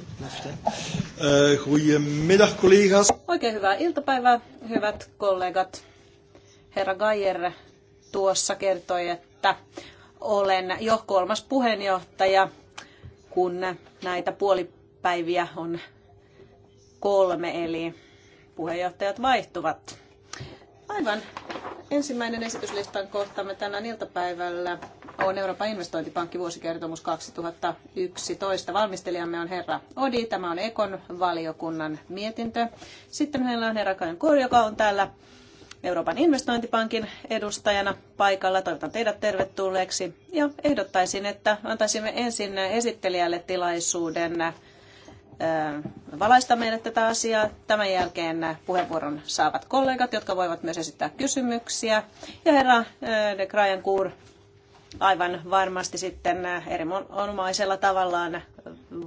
Eh, goedemiddag collega's. Oikein hyvää iltapäivää, hyvät kollegat. Herra Gajer tuossa kertoi, että olen jo kolmas puheenjohtaja, kun näitä puolipäiviä on kolme, eli puheenjohtajat vaihtuvat. Aivan ensimmäinen esityslistan kohtamme tänään iltapäivällä on Euroopan investointipankki vuosikertomus 2011. Valmistelijamme on herra Odi, tämä on Ekon valiokunnan mietintö. Sitten meillä on herra Kajan Kor, joka on täällä Euroopan investointipankin edustajana paikalla. Toivotan teidät tervetulleeksi ja ehdottaisin, että antaisimme ensin esittelijälle tilaisuuden äh, valaista meille tätä asiaa. Tämän jälkeen puheenvuoron saavat kollegat, jotka voivat myös esittää kysymyksiä. Ja herra äh, de Krajankuur aivan varmasti sitten erinomaisella tavallaan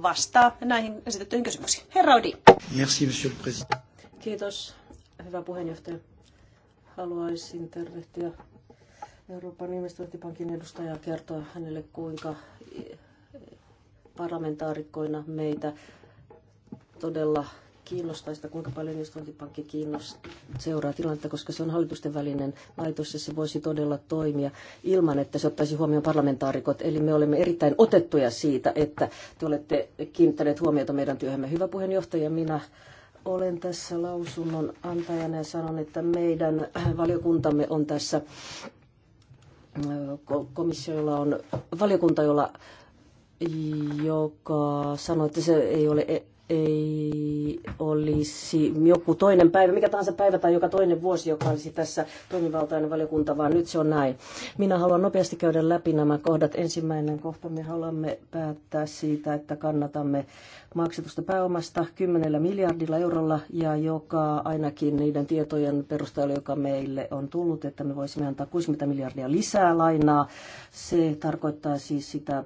vastaa näihin esitettyihin kysymyksiin. Herra Odi. Merci, monsieur le président. Kiitos, hyvä puheenjohtaja. Haluaisin tervehtiä Euroopan investointipankin edustajaa kertoa hänelle, kuinka parlamentaarikkoina meitä todella kiinnostaa sitä, kuinka paljon investointipankki kiinnostaa, seuraa tilannetta, koska se on hallitusten välinen laitos ja se voisi todella toimia ilman, että se ottaisi huomioon parlamentaarikot. Eli me olemme erittäin otettuja siitä, että te olette kiinnittäneet huomiota meidän työhömme. Hyvä puheenjohtaja, minä olen tässä lausunnon antajana ja sanon, että meidän valiokuntamme on tässä komissiolla on valiokunta, jolla joka sanoi, että se ei ole e- ei olisi joku toinen päivä, mikä tahansa päivä tai joka toinen vuosi, joka olisi tässä toimivaltainen valiokunta, vaan nyt se on näin. Minä haluan nopeasti käydä läpi nämä kohdat. Ensimmäinen kohta, me haluamme päättää siitä, että kannatamme maksetusta pääomasta 10 miljardilla eurolla ja joka ainakin niiden tietojen perusteella, joka meille on tullut, että me voisimme antaa 60 miljardia lisää lainaa. Se tarkoittaa siis sitä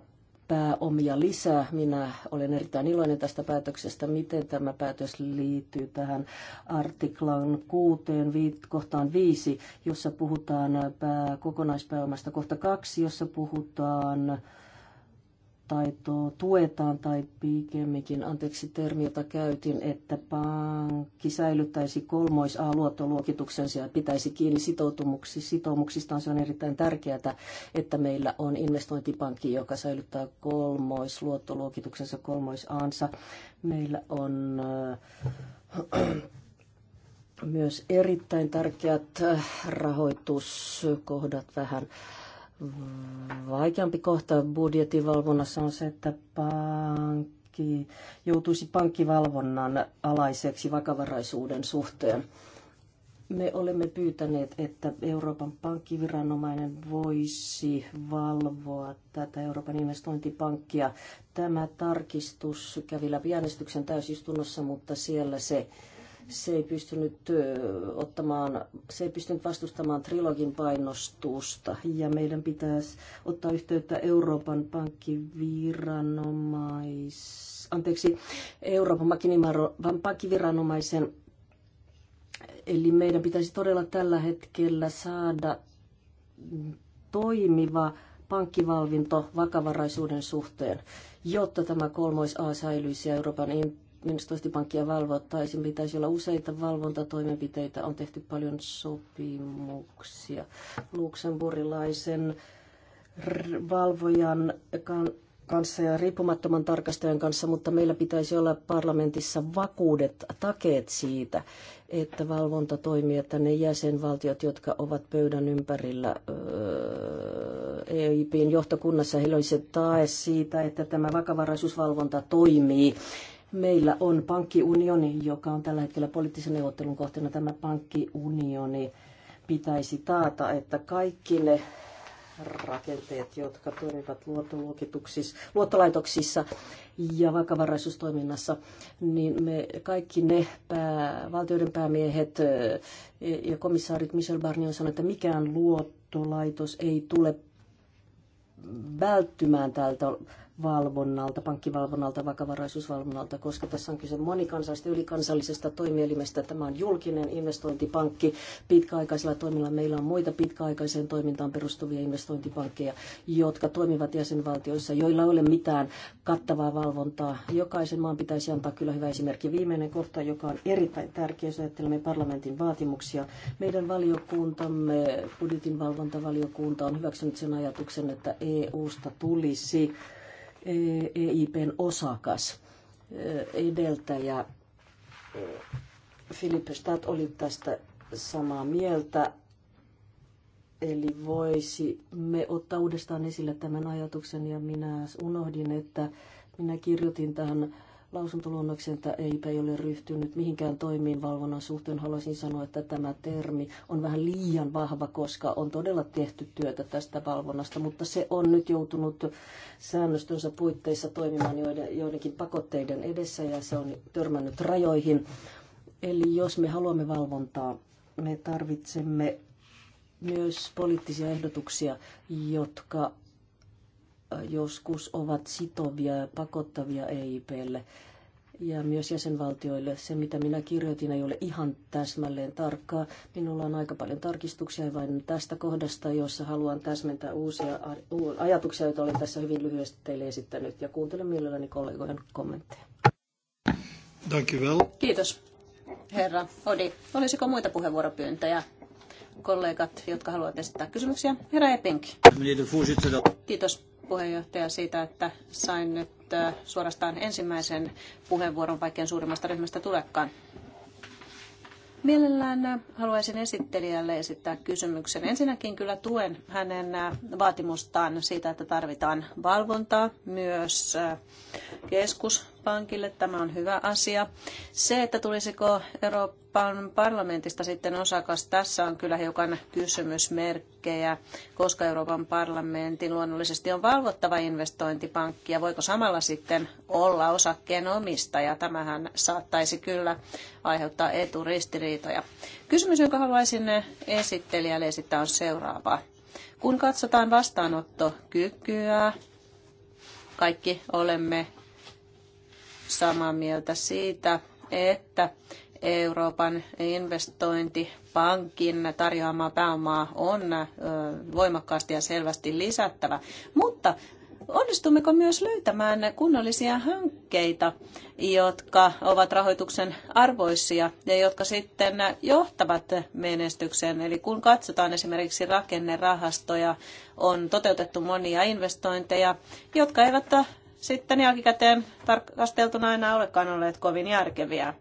pääomia lisää. Minä olen erittäin iloinen tästä päätöksestä, miten tämä päätös liittyy tähän artiklan 6 kohtaan 5, jossa puhutaan pää, kokonaispääomasta kohta 2, jossa puhutaan taitoa tuetaan tai pikemminkin, anteeksi termi, jota käytin, että pankki säilyttäisi kolmois A-luottoluokituksensa ja pitäisi kiinni sitoumuksistaan. Se on erittäin tärkeää, että meillä on investointipankki, joka säilyttää kolmois luottoluokituksensa kolmois Ansa. Meillä on äh, myös erittäin tärkeät äh, rahoituskohdat vähän vaikeampi kohta budjetin valvonnassa on se, että pankki joutuisi pankkivalvonnan alaiseksi vakavaraisuuden suhteen. Me olemme pyytäneet, että Euroopan pankkiviranomainen voisi valvoa tätä Euroopan investointipankkia. Tämä tarkistus kävi läpi äänestyksen täysistunnossa, mutta siellä se se ei pystynyt ottamaan, se ei pystynyt vastustamaan trilogin painostusta ja meidän pitäisi ottaa yhteyttä Euroopan pankkiviranomais, anteeksi, Euroopan pankkiviranomaisen Eli meidän pitäisi todella tällä hetkellä saada toimiva pankkivalvinto vakavaraisuuden suhteen, jotta tämä kolmois A säilyisi ja Euroopan investointipankkia sen pitäisi olla useita valvontatoimenpiteitä, on tehty paljon sopimuksia. Luxemburgilaisen valvojan kanssa ja riippumattoman tarkastajan kanssa, mutta meillä pitäisi olla parlamentissa vakuudet, takeet siitä, että valvonta toimii, että ne jäsenvaltiot, jotka ovat pöydän ympärillä EIPin johtokunnassa, heillä olisi tae siitä, että tämä vakavaraisuusvalvonta toimii Meillä on pankkiunioni, joka on tällä hetkellä poliittisen neuvottelun kohteena. Tämä pankkiunioni pitäisi taata, että kaikki ne rakenteet, jotka toimivat luottolaitoksissa ja vakavaraisuustoiminnassa, niin me kaikki ne pää, valtioiden päämiehet ja komissaarit Michel Barnier on sanonut, että mikään luottolaitos ei tule välttymään tältä valvonnalta, pankkivalvonnalta, vakavaraisuusvalvonnalta, koska tässä on kyse monikansallisesta ylikansallisesta toimielimestä. Tämä on julkinen investointipankki. Pitkäaikaisella toimilla meillä on muita pitkäaikaiseen toimintaan perustuvia investointipankkeja, jotka toimivat jäsenvaltioissa, joilla ei ole mitään kattavaa valvontaa. Jokaisen maan pitäisi antaa kyllä hyvä esimerkki. Viimeinen kohta, joka on erittäin tärkeä, jos ajattelemme parlamentin vaatimuksia. Meidän valiokuntamme, budjetin valvontavaliokunta, on hyväksynyt sen ajatuksen, että EUsta tulisi EIPn osakas eh, edeltäjä. Filippe eh, Stad oli tästä samaa mieltä. Eli me ottaa uudestaan esille tämän ajatuksen ja minä unohdin, että minä kirjoitin tähän lausuntoluonnoksi, että EIP ei ole ryhtynyt mihinkään toimiin valvonnan suhteen. Haluaisin sanoa, että tämä termi on vähän liian vahva, koska on todella tehty työtä tästä valvonnasta, mutta se on nyt joutunut säännöstönsä puitteissa toimimaan joidenkin pakotteiden edessä ja se on törmännyt rajoihin. Eli jos me haluamme valvontaa, me tarvitsemme myös poliittisia ehdotuksia, jotka joskus ovat sitovia ja pakottavia EIPlle ja myös jäsenvaltioille. Se, mitä minä kirjoitin, ei ole ihan täsmälleen tarkkaa. Minulla on aika paljon tarkistuksia vain tästä kohdasta, jossa haluan täsmentää uusia ajatuksia, joita olen tässä hyvin lyhyesti teille esittänyt. Ja kuuntelen mielelläni kollegojen kommentteja. Kiitos, herra Odi. Olisiko muita puheenvuoropyyntöjä? kollegat, jotka haluavat esittää kysymyksiä. Herra Epenki. Kiitos puheenjohtaja siitä, että sain nyt suorastaan ensimmäisen puheenvuoron, vaikkei suurimmasta ryhmästä tulekaan. Mielellään haluaisin esittelijälle esittää kysymyksen. Ensinnäkin kyllä tuen hänen vaatimustaan siitä, että tarvitaan valvontaa myös keskus pankille. Tämä on hyvä asia. Se, että tulisiko Euroopan parlamentista sitten osakas, tässä on kyllä hiukan kysymysmerkkejä, koska Euroopan parlamentin luonnollisesti on valvottava investointipankki ja voiko samalla sitten olla osakkeen omistaja. Tämähän saattaisi kyllä aiheuttaa eturistiriitoja. Kysymys, jonka haluaisin esittelijälle esittää on seuraava. Kun katsotaan vastaanottokykyä, kaikki olemme samaa mieltä siitä, että Euroopan investointipankin tarjoamaa pääomaa on voimakkaasti ja selvästi lisättävä. Mutta onnistummeko myös löytämään kunnollisia hankkeita, jotka ovat rahoituksen arvoisia ja jotka sitten johtavat menestykseen. Eli kun katsotaan esimerkiksi rakennerahastoja, on toteutettu monia investointeja, jotka eivät sitten jälkikäteen tarkasteltuna aina olekaan olleet kovin järkeviä.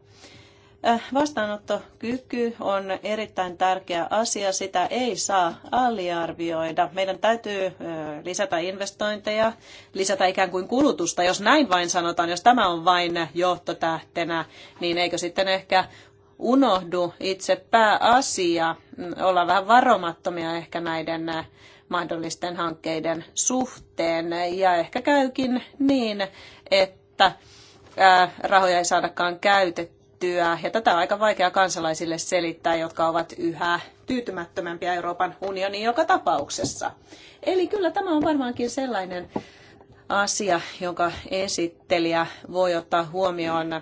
Äh, vastaanottokyky on erittäin tärkeä asia, sitä ei saa aliarvioida. Meidän täytyy äh, lisätä investointeja, lisätä ikään kuin kulutusta. Jos näin vain sanotaan, jos tämä on vain johtotähtenä, niin eikö sitten ehkä unohdu itse pääasia, mm, olla vähän varomattomia ehkä näiden äh, mahdollisten hankkeiden suhteen. Ja ehkä käykin niin, että rahoja ei saadakaan käytettyä. Ja tätä on aika vaikea kansalaisille selittää, jotka ovat yhä tyytymättömämpiä Euroopan unionin joka tapauksessa. Eli kyllä tämä on varmaankin sellainen asia, jonka esittelijä voi ottaa huomioon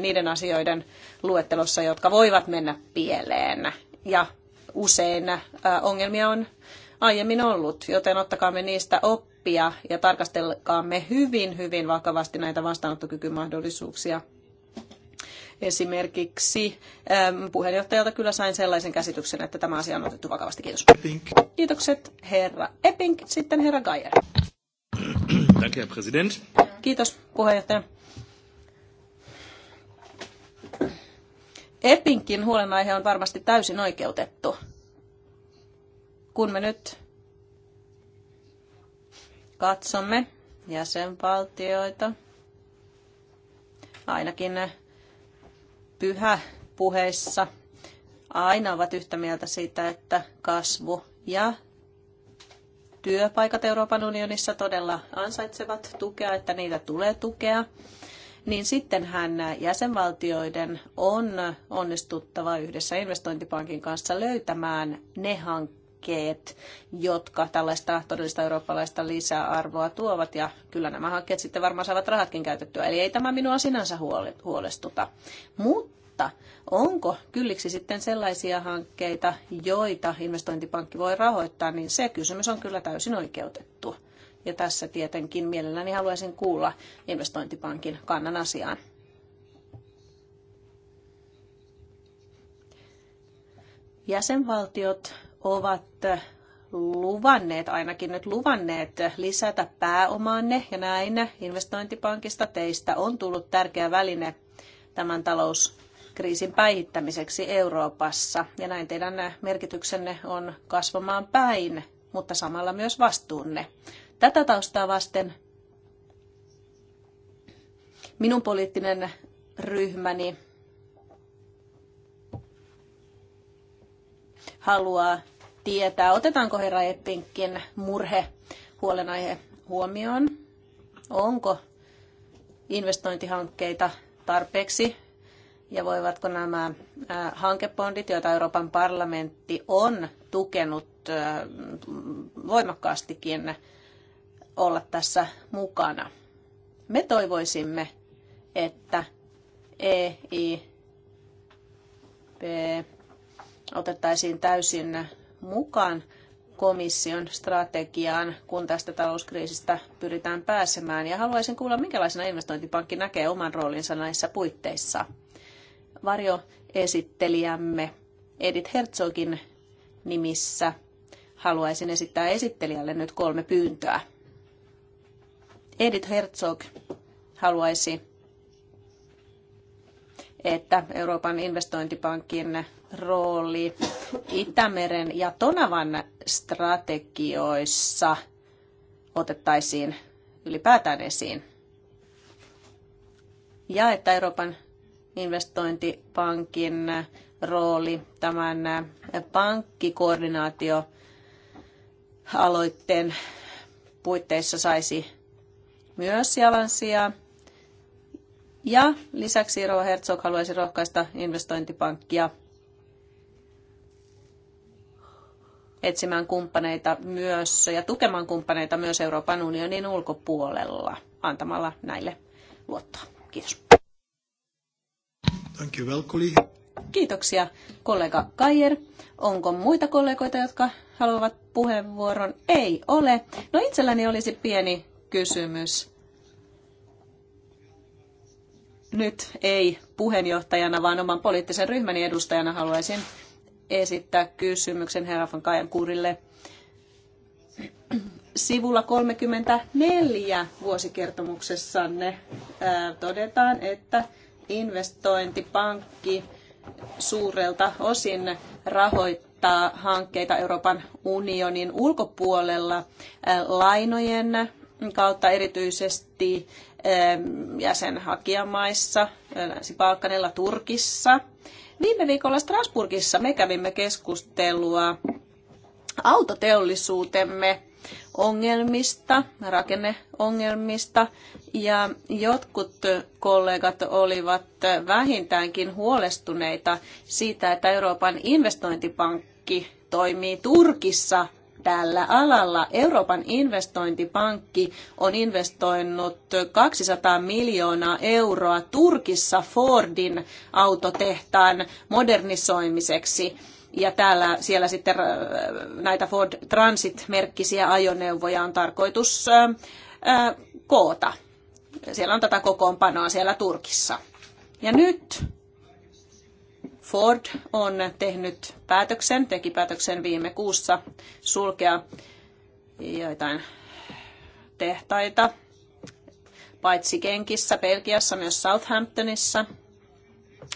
niiden asioiden luettelossa, jotka voivat mennä pieleen. Ja usein ongelmia on aiemmin ollut, joten ottakaamme niistä oppia ja tarkastelkaamme hyvin, hyvin vakavasti näitä vastaanottokykymahdollisuuksia. Esimerkiksi ähm, puheenjohtajalta kyllä sain sellaisen käsityksen, että tämä asia on otettu vakavasti. Kiitos. Epink. Kiitokset herra Epping, sitten herra Geier. Danke, herr Präsident. Kiitos puheenjohtaja. Epinkin huolenaihe on varmasti täysin oikeutettu. Kun me nyt katsomme jäsenvaltioita, ainakin pyhä puheissa aina ovat yhtä mieltä siitä, että kasvu ja työpaikat Euroopan unionissa todella ansaitsevat tukea, että niitä tulee tukea, niin sittenhän jäsenvaltioiden on onnistuttava yhdessä investointipankin kanssa löytämään ne hankkeet, hankkeet, jotka tällaista todellista eurooppalaista lisäarvoa tuovat. Ja kyllä nämä hankkeet sitten varmaan saavat rahatkin käytettyä. Eli ei tämä minua sinänsä huolestuta. Mutta onko kylliksi sitten sellaisia hankkeita, joita investointipankki voi rahoittaa, niin se kysymys on kyllä täysin oikeutettu. Ja tässä tietenkin mielelläni haluaisin kuulla investointipankin kannan asiaan. jäsenvaltiot ovat luvanneet, ainakin nyt luvanneet lisätä pääomaanne ja näin investointipankista teistä on tullut tärkeä väline tämän talouskriisin päihittämiseksi Euroopassa. Ja näin teidän merkityksenne on kasvamaan päin, mutta samalla myös vastuunne. Tätä taustaa vasten minun poliittinen ryhmäni haluaa tietää, otetaanko herra Eppinkin murhe huolenaihe huomioon. Onko investointihankkeita tarpeeksi ja voivatko nämä hankepondit, joita Euroopan parlamentti on tukenut voimakkaastikin, olla tässä mukana. Me toivoisimme, että EIP otettaisiin täysin mukaan komission strategiaan, kun tästä talouskriisistä pyritään pääsemään. Ja haluaisin kuulla, minkälaisena investointipankki näkee oman roolinsa näissä puitteissa. esittelijämme Edith Herzogin nimissä haluaisin esittää esittelijälle nyt kolme pyyntöä. Edith Herzog haluaisi, että Euroopan investointipankin rooli Itämeren ja Tonavan strategioissa otettaisiin ylipäätään esiin. Ja että Euroopan investointipankin rooli tämän pankkikoordinaatio aloitteen puitteissa saisi myös jalansia. Ja lisäksi Rova Herzog haluaisi rohkaista investointipankkia etsimään kumppaneita myös ja tukemaan kumppaneita myös Euroopan unionin ulkopuolella antamalla näille luottoa. Kiitos. Thank you, Kiitoksia kollega Kajer. Onko muita kollegoita, jotka haluavat puheenvuoron? Ei ole. No itselläni olisi pieni kysymys. Nyt ei puheenjohtajana, vaan oman poliittisen ryhmäni edustajana haluaisin esittää kysymyksen herra von Kajankurille. Sivulla 34 vuosikertomuksessanne ää, todetaan, että investointipankki suurelta osin rahoittaa hankkeita Euroopan unionin ulkopuolella lainojen kautta erityisesti jäsenhakijamaissa, Länsi-Balkanilla, Turkissa – Viime viikolla Strasburgissa me kävimme keskustelua autoteollisuutemme ongelmista, rakenneongelmista, ja jotkut kollegat olivat vähintäänkin huolestuneita siitä, että Euroopan investointipankki toimii Turkissa tällä alalla. Euroopan investointipankki on investoinut 200 miljoonaa euroa Turkissa Fordin autotehtaan modernisoimiseksi. Ja täällä, siellä sitten äh, näitä Ford Transit-merkkisiä ajoneuvoja on tarkoitus äh, äh, koota. Siellä on tätä kokoonpanoa siellä Turkissa. Ja nyt Ford on tehnyt päätöksen, teki päätöksen viime kuussa sulkea joitain tehtaita, paitsi Kenkissä, Belgiassa, myös Southamptonissa.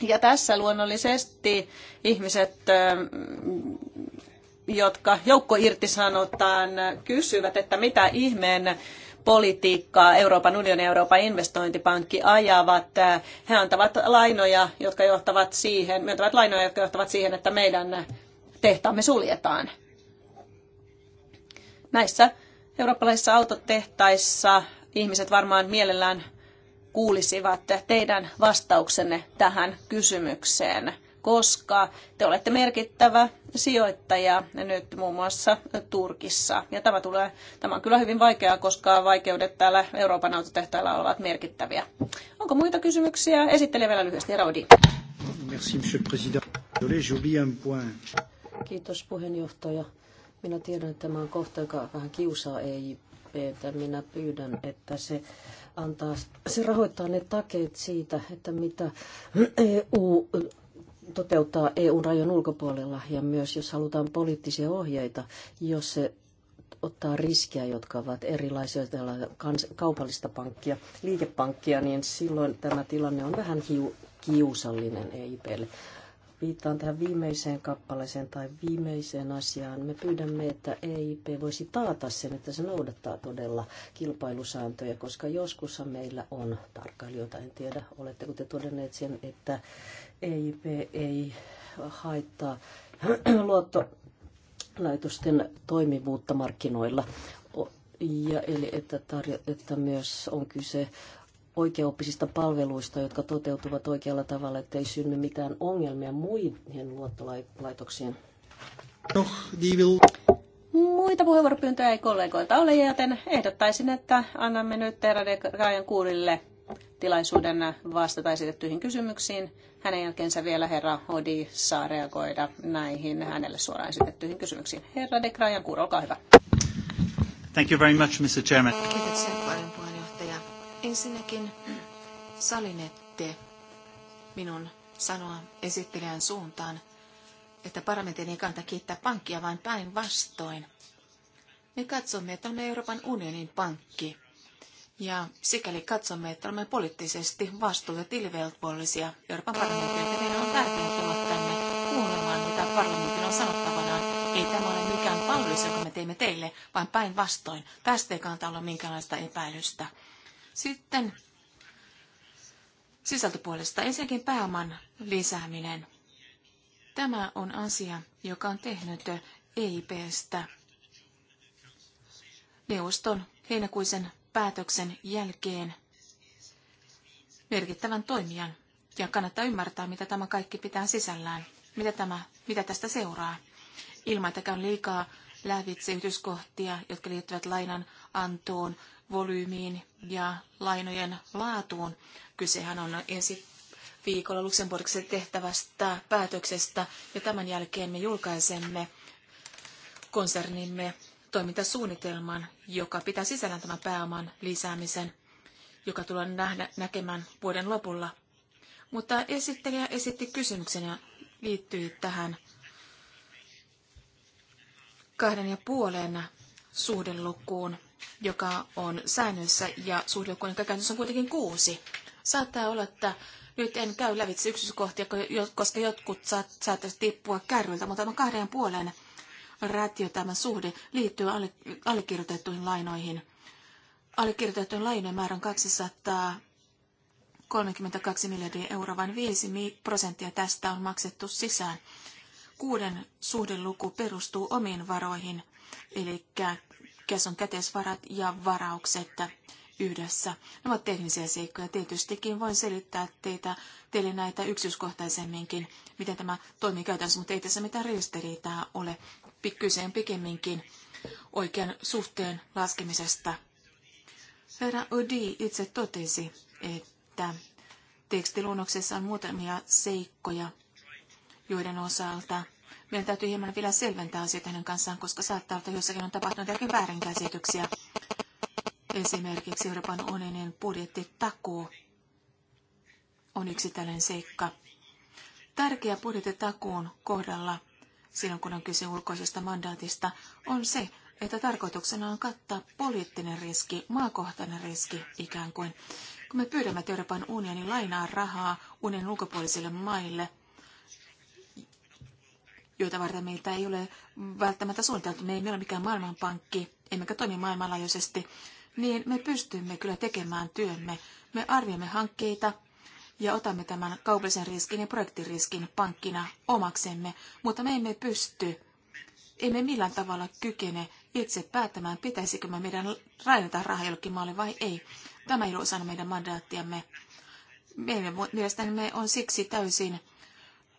Ja tässä luonnollisesti ihmiset, ähm, jotka joukko irtisanotaan, kysyvät, että mitä ihmeen politiikkaa Euroopan unioni ja Euroopan investointipankki ajavat. He antavat lainoja, jotka johtavat siihen, myöntävät lainoja, jotka johtavat siihen, että meidän tehtaamme suljetaan. Näissä eurooppalaisissa autotehtaissa ihmiset varmaan mielellään kuulisivat teidän vastauksenne tähän kysymykseen koska te olette merkittävä sijoittaja nyt muun muassa Turkissa. Ja tämä, tulee, tämä on kyllä hyvin vaikeaa, koska vaikeudet täällä Euroopan autotehtailla ovat merkittäviä. Onko muita kysymyksiä? Esittelen vielä lyhyesti Raudi. Merci, monsieur président. un point. Kiitos puheenjohtaja. Minä tiedän, että tämä on kohta, joka vähän kiusaa EIPtä. Minä pyydän, että se antaa, se rahoittaa ne takeet siitä, että mitä EU toteuttaa eu rajon ulkopuolella ja myös jos halutaan poliittisia ohjeita, jos se ottaa riskejä, jotka ovat erilaisia kaupallista pankkia, liikepankkia, niin silloin tämä tilanne on vähän hiu, kiusallinen EIPlle viittaan tähän viimeiseen kappaleeseen tai viimeiseen asiaan. Me pyydämme, että EIP voisi taata sen, että se noudattaa todella kilpailusääntöjä, koska joskus meillä on tarkkailijoita, en tiedä, oletteko te todenneet sen, että EIP ei haittaa luottolaitosten toimivuutta markkinoilla. Ja eli että, tarjo, että myös on kyse oikeaoppisista palveluista, jotka toteutuvat oikealla tavalla, ettei synny mitään ongelmia muihin luottolaitoksiin. No, Diivil. Muita puheenvuoropyyntöjä ei kollegoilta ole, joten ehdottaisin, että annamme nyt Terade Raajan kuulille tilaisuuden vastata esitettyihin kysymyksiin. Hänen jälkeensä vielä herra Hodi saa reagoida näihin hänelle suoraan esitettyihin kysymyksiin. Herra de Krajan Kuuro, olkaa hyvä. Thank you very much, Mr. Chairman. Kiitoksia paljon Ensinnäkin salinette minun sanoa esittelijän suuntaan, että parlamentin ei kannata kiittää pankkia, vaan päinvastoin. Me katsomme, että olemme Euroopan unionin pankki. Ja sikäli katsomme, että olemme poliittisesti vastuuta tilivelvollisia Euroopan parlamentin, että meidän on tärkeää tulla tänne kuulemaan, mitä parlamentin on sanottavanaan. Ei tämä ole mikään palvelus, jonka me teemme teille, vaan päinvastoin. Tästä ei kannata olla minkäänlaista epäilystä. Sitten sisältöpuolesta ensinnäkin pääoman lisääminen. Tämä on asia, joka on tehnyt EIPstä neuvoston heinäkuisen päätöksen jälkeen merkittävän toimijan. Ja kannattaa ymmärtää, mitä tämä kaikki pitää sisällään, mitä, tämä, mitä tästä seuraa. Ilman, että käy liikaa lävitse yhdyskohtia, jotka liittyvät lainan antoon, volyymiin ja lainojen laatuun. Kysehän on ensi viikolla Luxemburgissa tehtävästä päätöksestä ja tämän jälkeen me julkaisemme konsernimme toimintasuunnitelman, joka pitää sisällään tämän pääoman lisäämisen, joka tullaan nähdä, näkemään vuoden lopulla. Mutta esittelijä esitti kysymyksen ja liittyy tähän kahden ja puolen suhdelukuun joka on säännössä ja suhdelukujen käytännössä on kuitenkin kuusi. Saattaa olla, että nyt en käy lävitse yksityiskohtia, koska jotkut saattaisivat tippua kärryiltä, mutta tämä kahden puolen ratio, tämä suhde, liittyy allekirjoitettuihin lainoihin. Allekirjoitettujen lainojen määrä on 232 miljardia euroa, vain 5 prosenttia tästä on maksettu sisään. Kuuden suhdeluku perustuu omiin varoihin, eli on käteisvarat ja varaukset yhdessä. Ne ovat teknisiä seikkoja. Tietystikin voin selittää teitä, teille näitä yksityiskohtaisemminkin, miten tämä toimii käytännössä, mutta ei tässä mitään ristiriitaa ole. Kyse on pikemminkin oikean suhteen laskemisesta. Herra Odi itse totesi, että tekstiluonnoksessa on muutamia seikkoja, joiden osalta – meidän täytyy hieman vielä selventää asioita hänen kanssaan, koska saattaa, että jossakin on tapahtunut jotakin väärinkäsityksiä. Esimerkiksi Euroopan unionin budjettitakuu on yksi tällainen seikka. Tärkeä budjettitakuun kohdalla, silloin kun on kyse ulkoisesta mandaatista, on se, että tarkoituksena on kattaa poliittinen riski, maakohtainen riski ikään kuin. Kun me pyydämme, Euroopan unionin lainaa rahaa unionin ulkopuolisille maille, joita varten meiltä ei ole välttämättä suunniteltu. Me ei ole mikään maailmanpankki, emmekä toimi maailmanlaajuisesti, niin me pystymme kyllä tekemään työmme. Me arvioimme hankkeita ja otamme tämän kaupallisen riskin ja projektiriskin pankkina omaksemme, mutta me emme pysty, emme millään tavalla kykene itse päättämään, pitäisikö me meidän rajoittaa rahaa jollekin maalle vai ei. Tämä ei ole osana meidän mandaattiamme. Meidän me on siksi täysin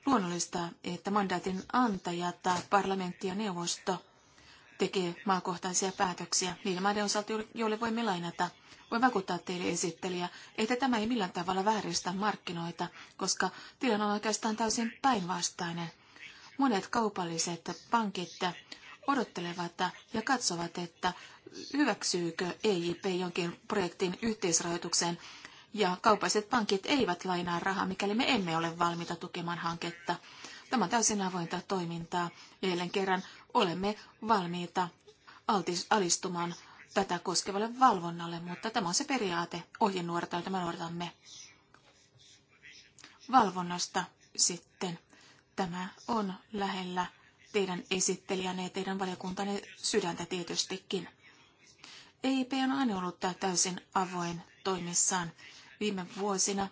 luonnollista, että mandaatin antaja tai parlamentti ja neuvosto tekee maakohtaisia päätöksiä niiden maiden osalta, joille voimme lainata. Voin vakuuttaa teille esittelijä, että tämä ei millään tavalla vääristä markkinoita, koska tilanne on oikeastaan täysin päinvastainen. Monet kaupalliset pankit odottelevat ja katsovat, että hyväksyykö EIP jonkin projektin yhteisrahoituksen ja kaupalliset pankit eivät lainaa rahaa, mikäli me emme ole valmiita tukemaan hanketta. Tämä on täysin avointa toimintaa ja jälleen kerran olemme valmiita altis, alistumaan tätä koskevalle valvonnalle, mutta tämä on se periaate ohjenuorta, jota me noudatamme. Valvonnasta sitten. Tämä on lähellä teidän esittelijänne ja teidän valiokuntanne sydäntä tietystikin. EIP on aina ollut täysin avoin toimissaan. Viime vuosina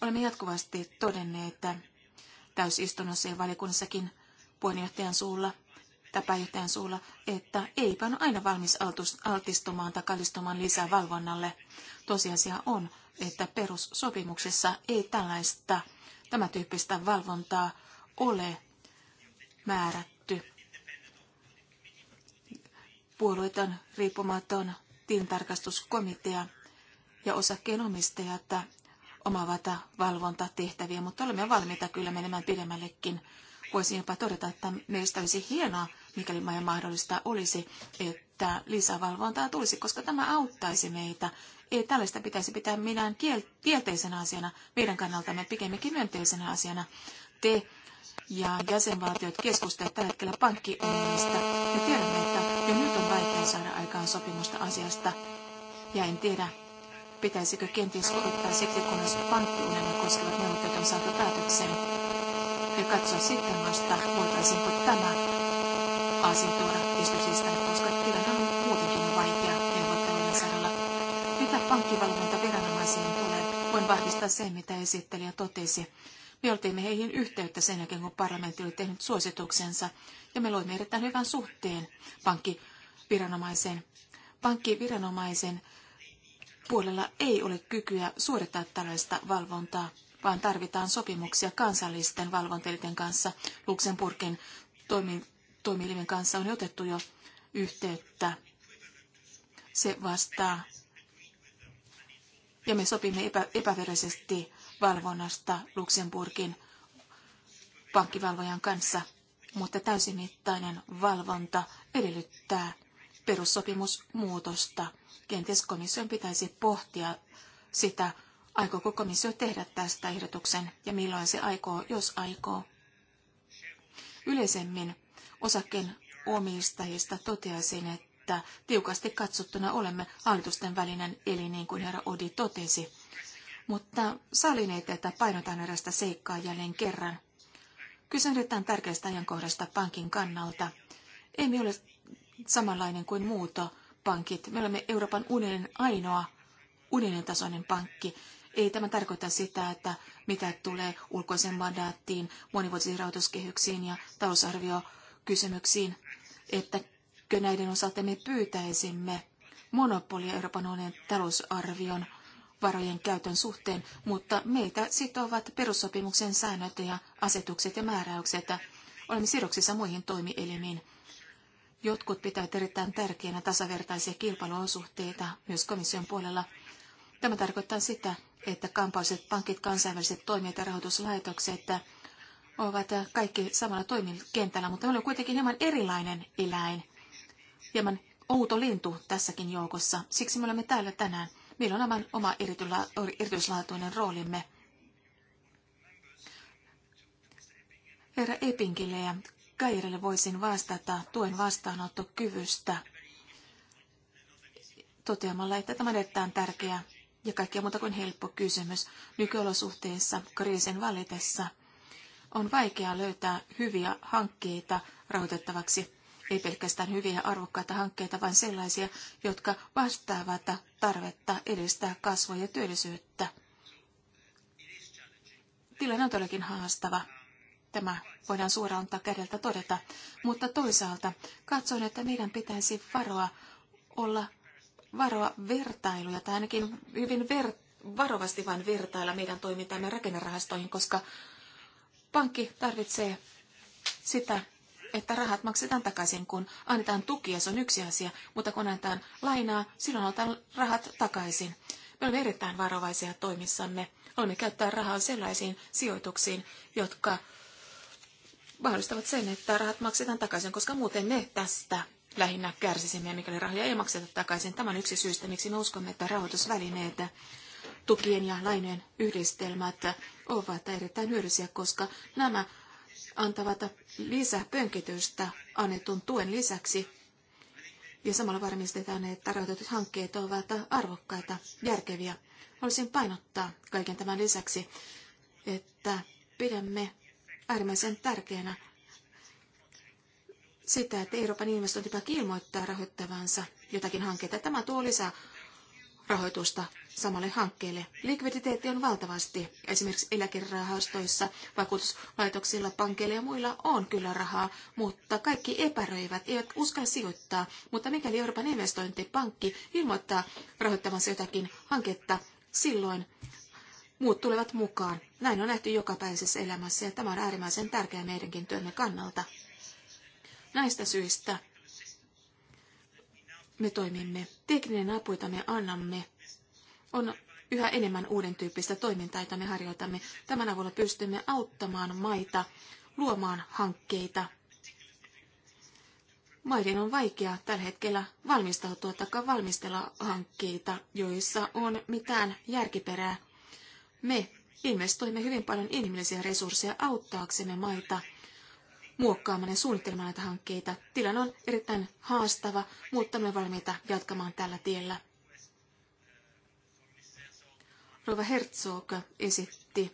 olemme jatkuvasti todenneet täysistunnossa ja valiokunnassakin puheenjohtajan suulla tai pääjohtajan suulla, että eipä ole aina valmis altistumaan tai kallistumaan lisää valvonnalle. Tosiasia on, että perussopimuksessa ei tällaista tämä tyyppistä valvontaa ole määrätty. Puolueeton riippumaton tilintarkastuskomitea ja osakkeenomistajat omavata valvontatehtäviä, mutta olemme valmiita kyllä menemään pidemmällekin. Voisin jopa todeta, että meistä olisi hienoa, mikäli mahdollista olisi, että lisävalvontaa tulisi, koska tämä auttaisi meitä. Ei tällaista pitäisi pitää minään kiel- kielteisenä asiana, meidän kannaltamme pikemminkin myönteisenä asiana. Te ja jäsenvaltiot keskustelevat tällä hetkellä pankkiongelmista ja tiedämme, että jo nyt on vaikea saada aikaan sopimusta asiasta. Ja en tiedä, Pitäisikö kenties odottaa siksi, kunnes pankkiunelma koskevat neuvottelut on saatu päätökseen? Ja katsoa sitten vasta, voitaisiinko tämä asia tuoda esityslistalle, koska tilanne on muutenkin vaikea neuvottelujen saralla. Mitä viranomaisiin tulee, voin vahvistaa sen, mitä esittelijä totesi. Me oltimme heihin yhteyttä sen jälkeen, kun parlamentti oli tehnyt suosituksensa, ja me loimme erittäin hyvän suhteen pankkiviranomaisen. Pankkiviranomaisen puolella ei ole kykyä suorittaa tällaista valvontaa, vaan tarvitaan sopimuksia kansallisten valvonteliten kanssa. Luxemburgin toimielimen kanssa on otettu jo yhteyttä. Se vastaa. Ja me sopimme epä, epävirallisesti valvonnasta Luxemburgin pankkivalvojan kanssa, mutta täysimittainen valvonta edellyttää perussopimusmuutosta Kenties komission pitäisi pohtia sitä, aikooko komissio tehdä tästä ehdotuksen ja milloin se aikoo, jos aikoo. Yleisemmin osakkeen omistajista toteaisin, että tiukasti katsottuna olemme hallitusten välinen eli niin kuin herra Odi totesi. Mutta salin että painotan erästä seikkaa jälleen kerran. Kyse on tärkeästä ajankohdasta pankin kannalta. ei ole samanlainen kuin muuto pankit. Me olemme Euroopan unionin ainoa unionin tasoinen pankki. Ei tämä tarkoita sitä, että mitä tulee ulkoiseen mandaattiin, monivuotisiin rahoituskehyksiin ja talousarviokysymyksiin, että näiden osalta me pyytäisimme monopolia Euroopan unionin talousarvion varojen käytön suhteen, mutta meitä sitovat perussopimuksen säännöt ja asetukset ja määräykset. Olemme sidoksissa muihin toimielimiin. Jotkut pitävät erittäin tärkeänä tasavertaisia kilpailuolosuhteita myös komission puolella. Tämä tarkoittaa sitä, että kampaiset pankit, kansainväliset toimijat ja rahoituslaitokset ovat kaikki samalla toimikentällä, mutta on kuitenkin hieman erilainen eläin, hieman outo lintu tässäkin joukossa. Siksi me olemme täällä tänään. Meillä on oma, oma erityislaatuinen roolimme. Herra Epinkille ja Kairille voisin vastata tuen vastaanottokyvystä toteamalla, että tämä on erittäin tärkeä ja kaikkea muuta kuin helppo kysymys nykyolosuhteissa kriisin valitessa On vaikea löytää hyviä hankkeita rahoitettavaksi, ei pelkästään hyviä arvokkaita hankkeita, vaan sellaisia, jotka vastaavat tarvetta edistää kasvua ja työllisyyttä. Tilanne on todellakin haastava. Tämä voidaan suoraan ottaa kädeltä todeta. Mutta toisaalta katson, että meidän pitäisi varoa olla varoa vertailuja tai ainakin hyvin ver, varovasti vain vertailla meidän toimintaamme rakennerahastoihin, koska pankki tarvitsee sitä, että rahat maksetaan takaisin, kun annetaan tukia, se on yksi asia, mutta kun annetaan lainaa, silloin otetaan rahat takaisin. Me olemme erittäin varovaisia toimissamme. Olemme käyttää rahaa sellaisiin sijoituksiin, jotka mahdollistavat sen, että rahat maksetaan takaisin, koska muuten me tästä lähinnä kärsisimme, mikäli rahoja ei makseta takaisin. Tämä on yksi syystä, miksi me uskomme, että rahoitusvälineet, tukien ja lainojen yhdistelmät ovat erittäin hyödyllisiä, koska nämä antavat lisäpönkitystä annetun tuen lisäksi. Ja samalla varmistetaan, että rahoitetut hankkeet ovat arvokkaita, järkeviä. Haluaisin painottaa kaiken tämän lisäksi, että pidämme äärimmäisen tärkeänä sitä, että Euroopan investointipankki ilmoittaa rahoittavansa jotakin hankkeita. Tämä tuo lisää rahoitusta samalle hankkeelle. Likviditeetti on valtavasti. Esimerkiksi eläkerahastoissa, vakuutuslaitoksilla, pankeilla ja muilla on kyllä rahaa, mutta kaikki epäröivät, eivät uskalla sijoittaa. Mutta mikäli Euroopan investointipankki ilmoittaa rahoittavansa jotakin hanketta, silloin muut tulevat mukaan. Näin on nähty jokapäiväisessä elämässä ja tämä on äärimmäisen tärkeää meidänkin työmme kannalta. Näistä syistä me toimimme. Tekninen apu, jota me annamme, on yhä enemmän uuden tyyppistä toimintaa, jota me harjoitamme. Tämän avulla pystymme auttamaan maita luomaan hankkeita. Maiden on vaikea tällä hetkellä valmistautua tai valmistella hankkeita, joissa on mitään järkiperää me investoimme hyvin paljon inhimillisiä resursseja auttaaksemme maita muokkaamaan ja suunnittelemaan näitä hankkeita. Tilanne on erittäin haastava, mutta me valmiita jatkamaan tällä tiellä. Rova Herzog esitti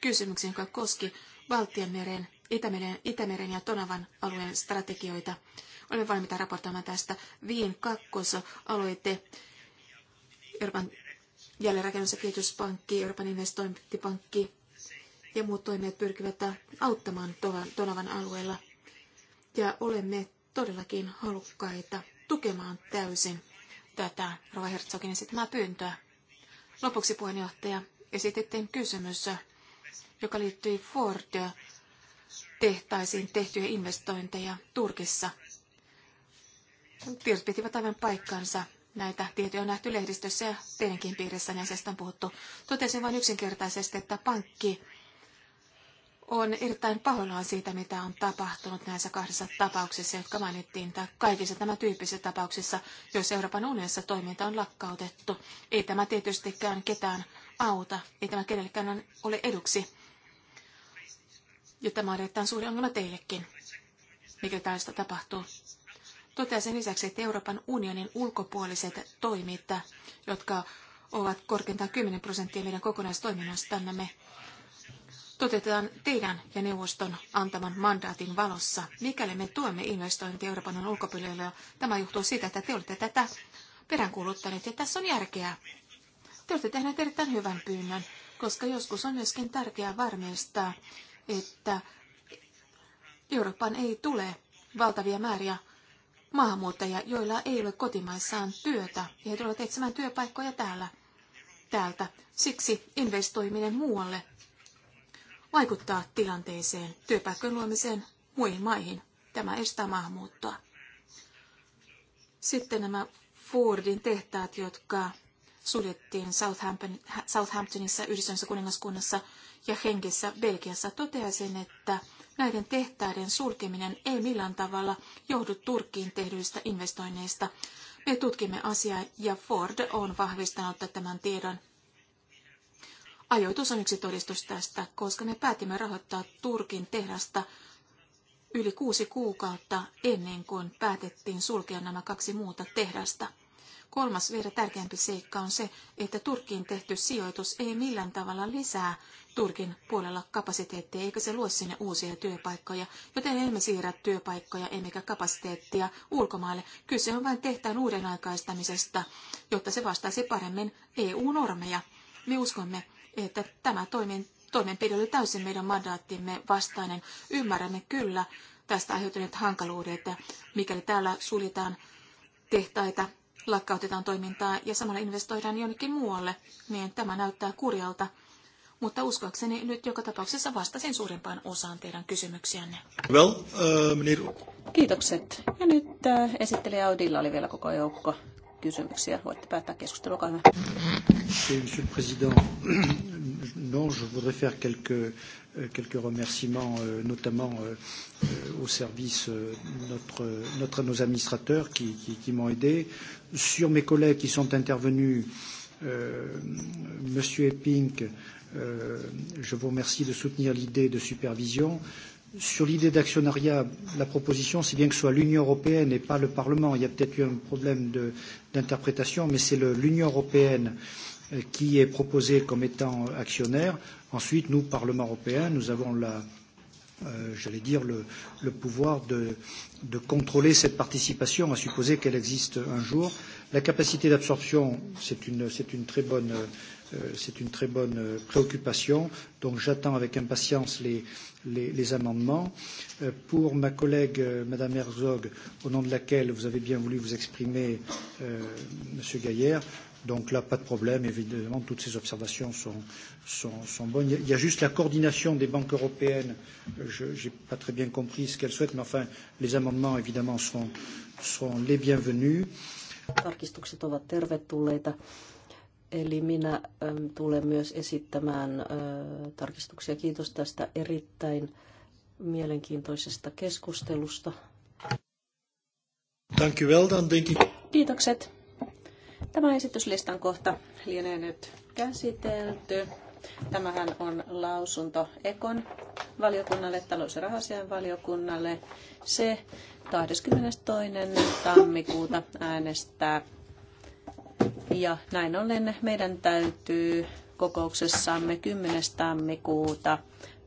kysymyksen, joka koski Baltianmeren, Itämeren, Itämeren ja Tonavan alueen strategioita. Olemme valmiita raportoimaan tästä. Viin kakkosaloite Euroopan jälleenrakennus- ja kehityspankki, Euroopan investointipankki ja muut toimijat pyrkivät auttamaan Donavan alueella. Ja olemme todellakin halukkaita tukemaan täysin tätä Rova Herzogin esittämää pyyntöä. Lopuksi puheenjohtaja esitettiin kysymys, joka liittyi Ford tehtaisiin tehtyjä investointeja Turkissa. Tiedot pitivät aivan paikkansa. Näitä tietoja on nähty lehdistössä ja teidänkin piirissä asiasta on puhuttu. Totesin vain yksinkertaisesti, että pankki on erittäin pahoillaan siitä, mitä on tapahtunut näissä kahdessa tapauksessa, jotka mainittiin, tai kaikissa tämä tyyppisissä tapauksissa, joissa Euroopan unionissa toiminta on lakkautettu. Ei tämä tietystikään ketään auta, ei tämä kenellekään ole eduksi. Ja tämä on erittäin suuri ongelma teillekin, mikä tällaista tapahtuu. Toteaisin lisäksi, että Euroopan unionin ulkopuoliset toimit, jotka ovat korkeintaan 10 prosenttia meidän kokonaistoiminnastamme, toteutetaan teidän ja neuvoston antaman mandaatin valossa. Mikäli me tuemme investointia Euroopan ulkopuolella, tämä johtuu siitä, että te olette tätä peräänkuuluttaneet ja tässä on järkeä. Te olette tehneet erittäin hyvän pyynnön, koska joskus on myöskin tärkeää varmistaa, että Euroopan ei tule valtavia määriä maahanmuuttajia, joilla ei ole kotimaissaan työtä. Ja he tulevat etsimään työpaikkoja täällä, täältä. Siksi investoiminen muualle vaikuttaa tilanteeseen, työpaikkojen luomiseen muihin maihin. Tämä estää maahanmuuttoa. Sitten nämä Fordin tehtaat, jotka suljettiin Southampton, Southamptonissa, Yhdistyneessä kuningaskunnassa ja Henkissä, Belgiassa, toteaisin, että Näiden tehtaiden sulkeminen ei millään tavalla johdu Turkkiin tehdyistä investoinneista. Me tutkimme asiaa ja Ford on vahvistanut tämän tiedon. Ajoitus on yksi todistus tästä, koska me päätimme rahoittaa Turkin tehdasta yli kuusi kuukautta ennen kuin päätettiin sulkea nämä kaksi muuta tehdasta. Kolmas vielä tärkeämpi seikka on se, että Turkkiin tehty sijoitus ei millään tavalla lisää Turkin puolella kapasiteettia, eikä se luo sinne uusia työpaikkoja, joten emme siirrä työpaikkoja emmekä kapasiteettia ulkomaille. Kyse on vain tehtaan uuden aikaistamisesta, jotta se vastaisi paremmin EU-normeja. Me uskomme, että tämä toimen, toimenpide oli täysin meidän mandaattimme vastainen. Ymmärrämme kyllä tästä aiheutuneet hankaluudet, mikäli täällä suljetaan tehtaita lakkautetaan toimintaa ja samalla investoidaan jonnekin muualle, niin tämä näyttää kurjalta. Mutta uskoakseni nyt joka tapauksessa vastasin suurimpaan osaan teidän kysymyksiänne. Well, uh, Kiitokset. Ja nyt uh, esittelijä Audilla oli vielä koko joukko kysymyksiä. Voitte päättää keskustelua, olkaa hyvä non, je voudrais faire quelques, euh, quelques remerciements, euh, notamment euh, au service, notre, notre, nos administrateurs qui, qui, qui m'ont aidé. Sur mes collègues qui sont intervenus, euh, Monsieur Epping, euh, je vous remercie de soutenir l'idée de supervision. Sur l'idée d'actionnariat, la proposition, c'est bien que ce soit l'Union européenne et pas le Parlement. Il y a peut-être eu un problème d'interprétation, mais c'est l'Union européenne euh, Euh, qui est proposé comme étant euh, actionnaire. Ensuite, nous, Parlement européen, nous avons la, euh, j'allais dire, le, le pouvoir de, de contrôler cette participation, à supposer qu'elle existe un jour. La capacité d'absorption, c'est une, une très bonne, euh, c'est une très bonne euh, préoccupation. Donc, j'attends avec impatience les, les, les amendements. Euh, pour ma collègue euh, Madame Herzog, au nom de laquelle vous avez bien voulu vous exprimer, euh, Monsieur Gaillère, Donc là, pas de problème. Évidemment, toutes ces observations sont, sont, sont bonnes. Il y a juste la coordination des banques européennes. Je n'ai pas très bien compris ce qu'elles souhaitent, mais enfin, les amendements, évidemment, seront, seront les bienvenus. Tarkistukset ovat tervetulleita. Eli minä ä, ähm, tulen myös esittämään ä, äh, tarkistuksia. Kiitos tästä erittäin mielenkiintoisesta keskustelusta. Dank u wel, dan denk ik. Kiitokset. Tämä esityslistan kohta lienee nyt käsitelty. Tämähän on lausunto Ekon valiokunnalle, talous- ja rahasian valiokunnalle. Se 22. tammikuuta äänestää. Ja näin ollen meidän täytyy kokouksessamme 10. tammikuuta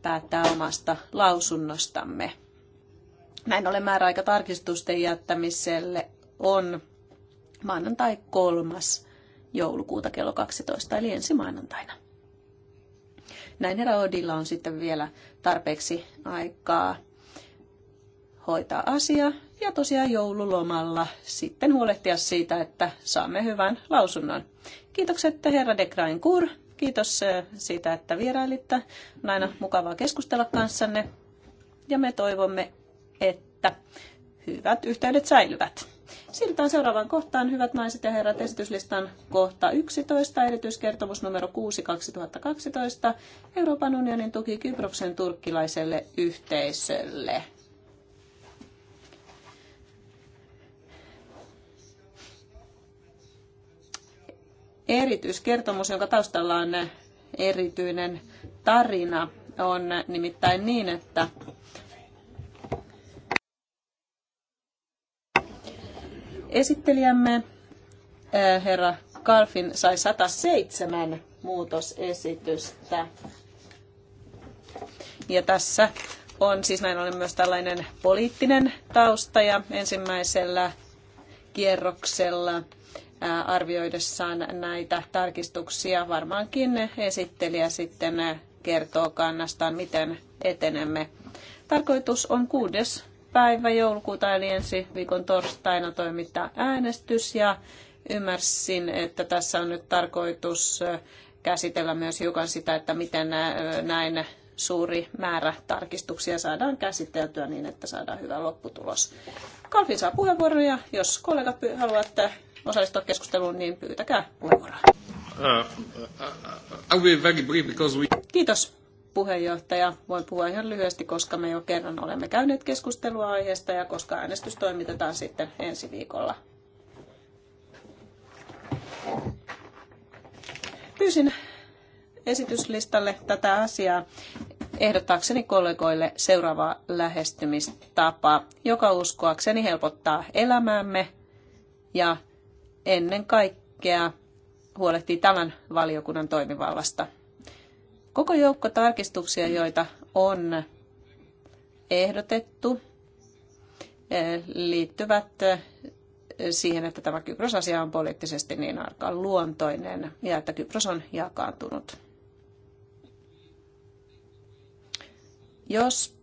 päättää omasta lausunnostamme. Näin ollen määräaika tarkistusten jättämiselle on maanantai 3. joulukuuta kello 12, eli ensi maanantaina. Näin herra Odilla on sitten vielä tarpeeksi aikaa hoitaa asia ja tosiaan joululomalla sitten huolehtia siitä, että saamme hyvän lausunnon. Kiitokset herra de Kur. Kiitos siitä, että vierailitte. On aina mukavaa keskustella kanssanne. Ja me toivomme, että hyvät yhteydet säilyvät. Siirrytään seuraavaan kohtaan, hyvät naiset ja herrat, esityslistan kohta 11, erityiskertomus numero 6 2012, Euroopan unionin tuki Kyproksen turkkilaiselle yhteisölle. Erityiskertomus, jonka taustalla on erityinen tarina, on nimittäin niin, että Esittelijämme eh, herra Karfin sai 107 muutosesitystä. Ja tässä on siis näin ollen myös tällainen poliittinen tausta ja ensimmäisellä kierroksella eh, arvioidessaan näitä tarkistuksia varmaankin esittelijä sitten kertoo kannastaan, miten etenemme. Tarkoitus on 6 päivä joulukuuta eli niin ensi viikon torstaina toimittaa äänestys ja ymmärsin, että tässä on nyt tarkoitus käsitellä myös hiukan sitä, että miten näin suuri määrä tarkistuksia saadaan käsiteltyä niin, että saadaan hyvä lopputulos. Kalfin saa puheenvuoroja. Jos kollegat haluavat osallistua keskusteluun, niin pyytäkää puheenvuoroa. Uh, uh, uh, uh we... Kiitos puheenjohtaja. Voin puhua ihan lyhyesti, koska me jo kerran olemme käyneet keskustelua aiheesta ja koska äänestys toimitetaan sitten ensi viikolla. Pyysin esityslistalle tätä asiaa ehdottaakseni kollegoille seuraava lähestymistapa, joka uskoakseni helpottaa elämäämme ja ennen kaikkea huolehtii tämän valiokunnan toimivallasta. Koko joukko tarkistuksia, joita on ehdotettu, eh, liittyvät eh, siihen, että tämä Kyprosasia on poliittisesti niin arkaan luontoinen ja että Kypros on jakaantunut. Jos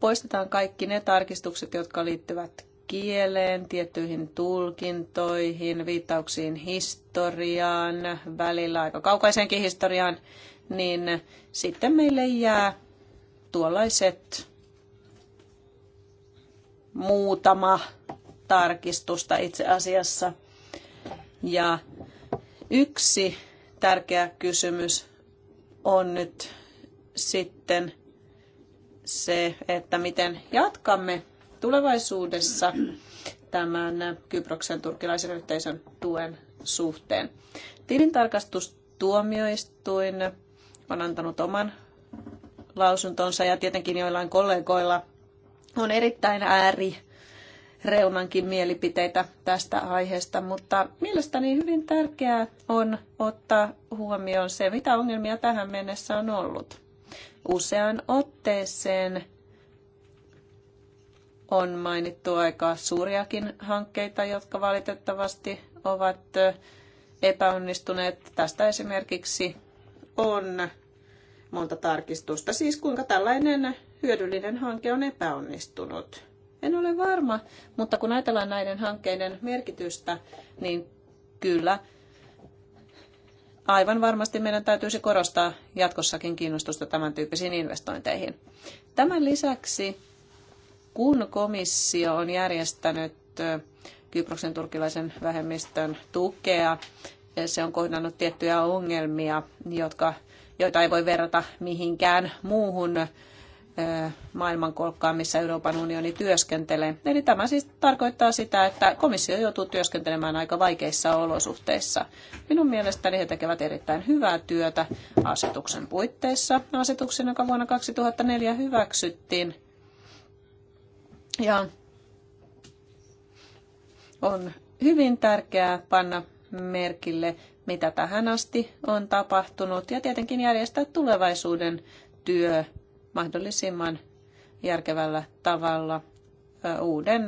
poistetaan kaikki ne tarkistukset, jotka liittyvät kieleen, tiettyihin tulkintoihin, viittauksiin historiaan, välillä aika kaukaiseenkin historiaan, niin sitten meille jää tuollaiset muutama tarkistusta itse asiassa. Ja yksi tärkeä kysymys on nyt sitten se, että miten jatkamme tulevaisuudessa tämän Kyproksen turkilaisen yhteisön tuen suhteen. Tilintarkastustuomioistuin on antanut oman lausuntonsa ja tietenkin joillain kollegoilla on erittäin ääri reunankin mielipiteitä tästä aiheesta, mutta mielestäni hyvin tärkeää on ottaa huomioon se, mitä ongelmia tähän mennessä on ollut. usean otteeseen on mainittu aika suuriakin hankkeita, jotka valitettavasti ovat epäonnistuneet. Tästä esimerkiksi on monta tarkistusta. Siis kuinka tällainen hyödyllinen hanke on epäonnistunut. En ole varma, mutta kun ajatellaan näiden hankkeiden merkitystä, niin kyllä aivan varmasti meidän täytyisi korostaa jatkossakin kiinnostusta tämän tyyppisiin investointeihin. Tämän lisäksi kun komissio on järjestänyt Kyproksen turkilaisen vähemmistön tukea, se on kohdannut tiettyjä ongelmia, jotka, joita ei voi verrata mihinkään muuhun maailmankolkkaan, missä Euroopan unioni työskentelee. Eli tämä siis tarkoittaa sitä, että komissio joutuu työskentelemään aika vaikeissa olosuhteissa. Minun mielestäni he tekevät erittäin hyvää työtä asetuksen puitteissa. Asetuksen, joka vuonna 2004 hyväksyttiin, ja on hyvin tärkeää panna merkille, mitä tähän asti on tapahtunut ja tietenkin järjestää tulevaisuuden työ mahdollisimman järkevällä tavalla uuden